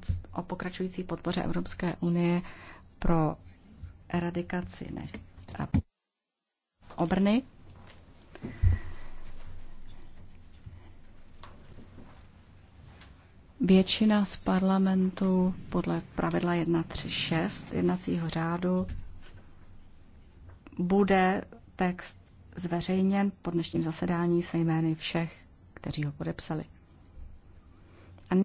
15 o pokračující podpoře Evropské unie pro eradikaci ne, a obrny. Většina z parlamentu podle pravidla 136 jednacího řádu bude text zveřejněn po dnešním zasedání se jmény všech, kteří ho podepsali.